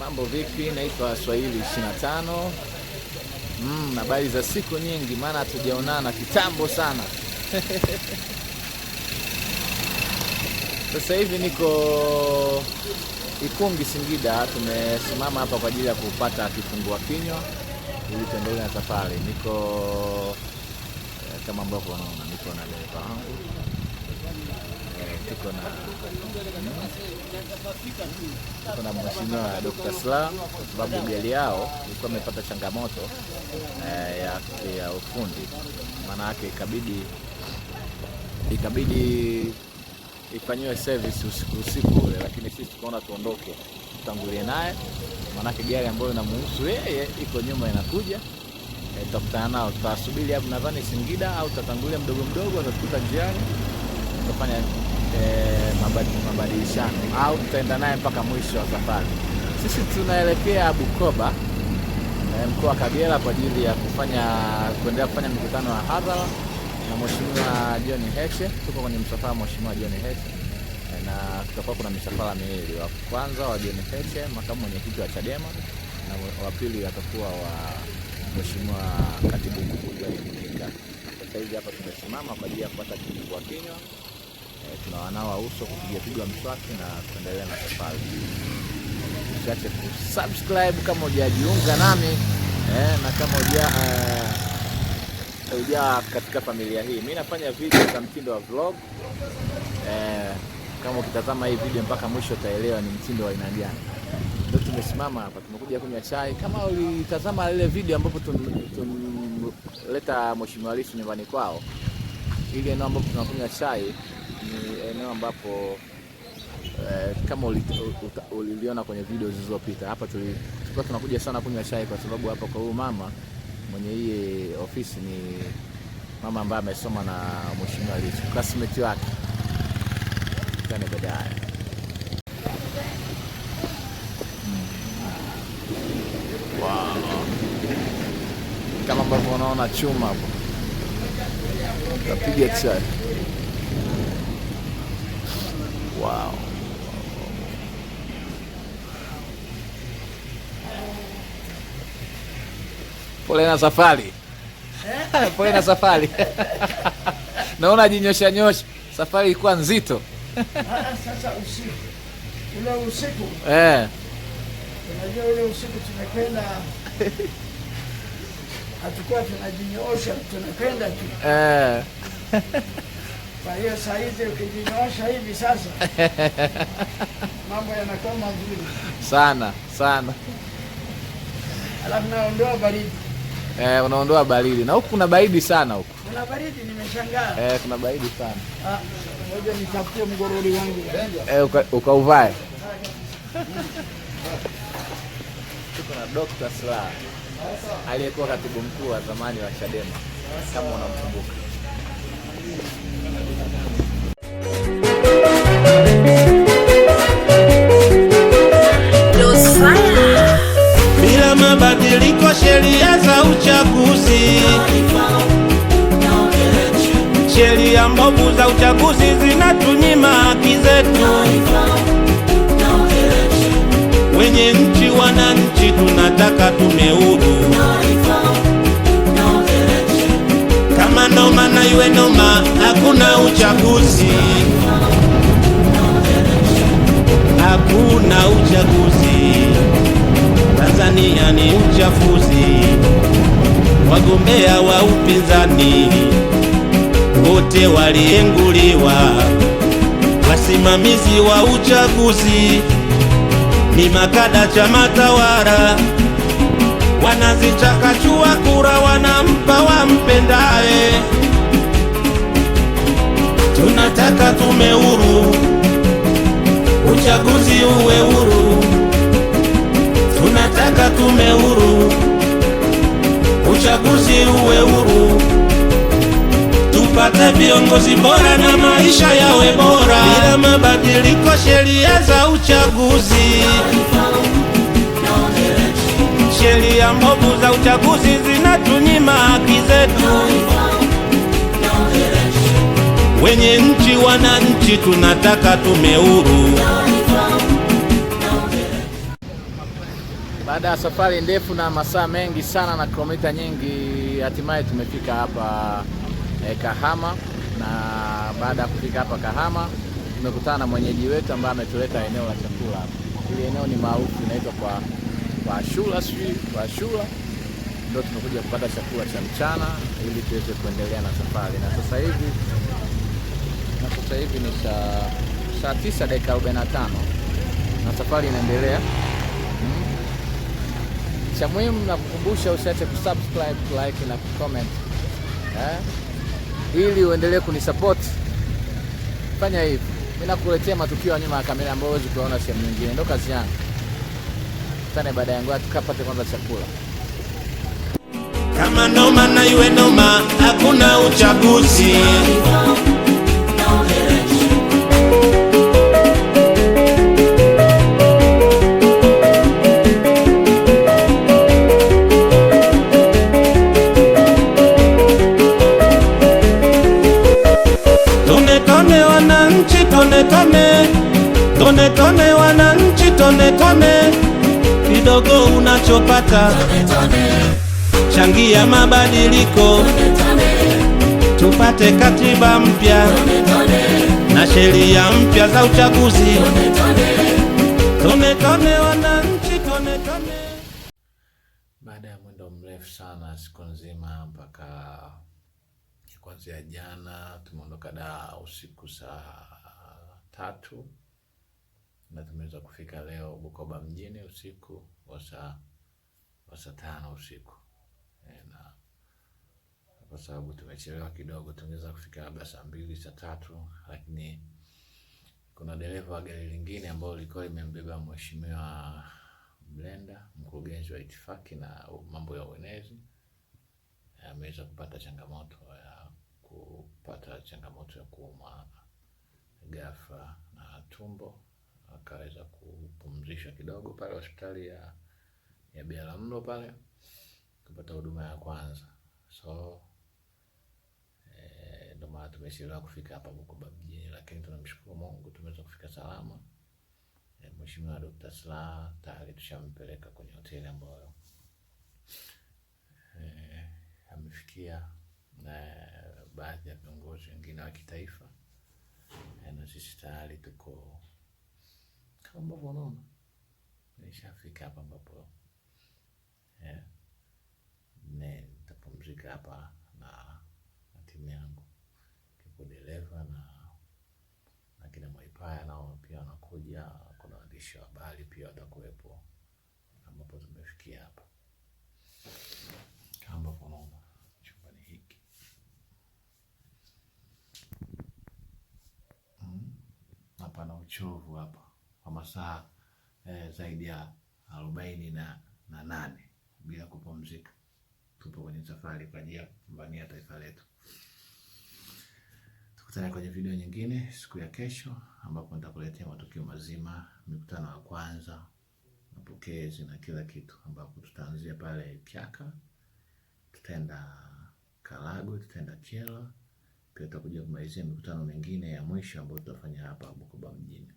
Mambo vipi? Naitwa Swahili 25. Mm, habari za siku nyingi, maana hatujaonana kitambo sana Sasa hivi niko Ikungi, Singida. Tumesimama hapa kwa ajili ya kupata kifungua kinywa ili tuendelee na safari. Niko eh, kama ambavyo unaona, niko na dereva wangu tuko na tuko na mheshimiwa Dr. Slaa kwa sababu gari yao ilikuwa imepata changamoto eh, ya, ya ufundi, maana yake ikabidi ikabidi ifanyiwe service usiku usiku ule, lakini sisi tukaona tuondoke tutangulie naye, maanake gari ambayo inamuhusu yeye iko nyuma inakuja eh, tutakutana nao, tutasubiri hapo, nadhani Singida au tutatangulia mdogo mdogo, atatukuta njiani tutafanya Eh, mabadilishano au tutaenda naye mpaka mwisho wa safari. Sisi tunaelekea Bukoba eh, mkoa wa Kagera kwa ajili ya kufanya kuendelea kufanya mikutano ya hadhara na mweshimiwa John Heche. Tuko kwenye msafara mweshimiwa John Heche eh, na tutakuwa kuna misafara miwili, wa kwanza wa John Heche, makamu mwenyekiti wa Chadema, na wa pili atakuwa wa mweshimiwa katibu mkuu Joel Mtinga. Sasa hivi hapa tumesimama kwa ajili ya kupata kifungua kinywa. Eh, tunawanawa uso kupigapiga mswaki na kuendelea na safari. Usiache kusubscribe kama hujajiunga nami e, na kama huja uh, katika familia hii. Mimi nafanya video za mtindo wa vlog e, kama ukitazama hii video mpaka mwisho utaelewa ni mtindo wa aina gani. Ndio tumesimama hapa, tumekuja kunywa chai. Kama ulitazama ile video ambapo tumleta Mheshimiwa Lissu nyumbani kwao, ile eneo ambapo tunakunywa chai ni eneo ambapo eh, kama uliliona kwenye video zilizopita, hapa tulikuwa tunakuja sana kunywa chai, kwa sababu hapa kwa huyu mama mwenye hii ofisi ni mama ambaye amesoma na mheshimiwa Lissu, classmate wake tena baadaye hmm. kama ambavyo unaona chuma hapo, tapiga chai Wow. Pole na safari. Pole na safari. Naona jinyosha nyosha. Safari ilikuwa nzito. Ah, ah, sasa usiku. Ule usiku. Eh. Unajua ule usiku tunakwenda hatukuwa tunajinyosha, tunakwenda tu. Eh. Kwa hiyo sasa hivi ukijinyoosha hivi sasa mambo yanakuwa mazuri sana sana, alafu naondoa baridi eh, unaondoa baridi na huku kuna baridi sana huku kuna baridi nimeshangaa. Eh, kuna baridi sana ah, ngoja nitafutie mgorori wangu eh, ukauvae tuko na Dr. Slaa aliyekuwa katibu mkuu wa zamani wa Chadema kama unamkumbuka. Bila mabadiliko sheria za uchaguzi, sheria mbovu za uchaguzi zinatunyima haki zetu. Wenye nchi, wananchi, tunataka tume huru. Kama noma na iwe noma hakuna uchaguzi, hakuna uchaguzi. Tanzania ni uchafuzi, wagombea wa upinzani wote walienguliwa, wasimamizi wa uchaguzi ni makada chama tawala, wanazichakachua kura wanampa wampendaye. tume huru, uchaguzi uwe huru. Tunataka tume huru, uchaguzi uwe huru, tupate viongozi bora na maisha yawe bora, bila mabadiliko sheria za uchaguzi. Sheria mbovu za uchaguzi zinatunyima haki zetu wenye nchi, wananchi tunataka tumeuru Baada ya safari ndefu na masaa mengi sana na kilomita nyingi, hatimaye tumefika hapa eh, Kahama. Na baada ya kufika hapa Kahama tumekutana na mwenyeji wetu ambaye ametuleta eneo la chakula. Hili eneo ni maarufu, inaitwa kwa kwa shula, sijui kwa shula ndio tumekuja kupata chakula cha mchana ili tuweze kuendelea na safari, na sasa hivi sasa hivi ni saa tisa dakika 45 na safari inaendelea. hmm. Cha muhimu na kukumbusha, usiache kusubscribe, like na kucomment eh, ili uendelee kunisupport. Fanya hivi, mimi nakuletea matukio ya nyuma ya kamera ambayo huwezi kuona sehemu nyingine, ndo kazi yangu. Tane baada yangu tukapate kwanza chakula. Kama noma na iwe noma, hakuna uchaguzi. tunachopata, changia mabadiliko tupate katiba mpya na sheria mpya za uchaguzi. Tone tone wananchi, tone tone. Baada ya mwendo mrefu sana, siku nzima mpaka kuanzia jana, tumeondoka da usiku saa tatu na tumeweza kufika leo Bukoba mjini usiku wa saa kwa saa tano usiku e, na kwa sababu tumechelewa kidogo, tungeweza kufika labda saa mbili saa tatu, lakini kuna dereva wa gari lingine ambayo lilikuwa limembeba mheshimiwa Mlenda, mkurugenzi wa itifaki na mambo ya uenezi, ameweza kupata changamoto ya kupata changamoto ya kuumwa ghafla na tumbo, akaweza kupumzishwa kidogo pale hospitali ya ya mlo pale kupata huduma ya kwanza. So eh, ndio maana tumechelewa kufika hapa Bukoba mjini, lakini tunamshukuru Mungu tumeweza kufika salama. E, Mheshimiwa Dr. Slaa tayari tushampeleka kwenye hoteli ambayo eh, amefikia na baadhi ya viongozi wengine wa kitaifa e, na sisi tayari tuko kama ambavyo unaona nishafika hapa ambapo Eh, nitapumzika hapa na timu yangu kipo dereva na na kina Mwaipaya nao pia wanakuja. Kuna waandishi wa habari pia watakuwepo, ambapo tumefikia hapa kamba kunaona chumbani hiki hmm, hapa na uchovu hapa kwa masaa eh, zaidi ya arobaini na, na nane bila kupumzika. Tupo kwenye safari kwa ajili ya kupambania taifa letu. Tukutane kwenye video nyingine siku ya kesho, ambapo nitakuletea matukio mazima, mikutano ya kwanza, mapokezi na kila kitu, ambapo tutaanzia pale Pyaka, tutaenda Karagwe, tutaenda Kyela, pia tutakuja kumalizia mikutano mingine ya mwisho ambayo tutafanya hapa Bukoba mjini.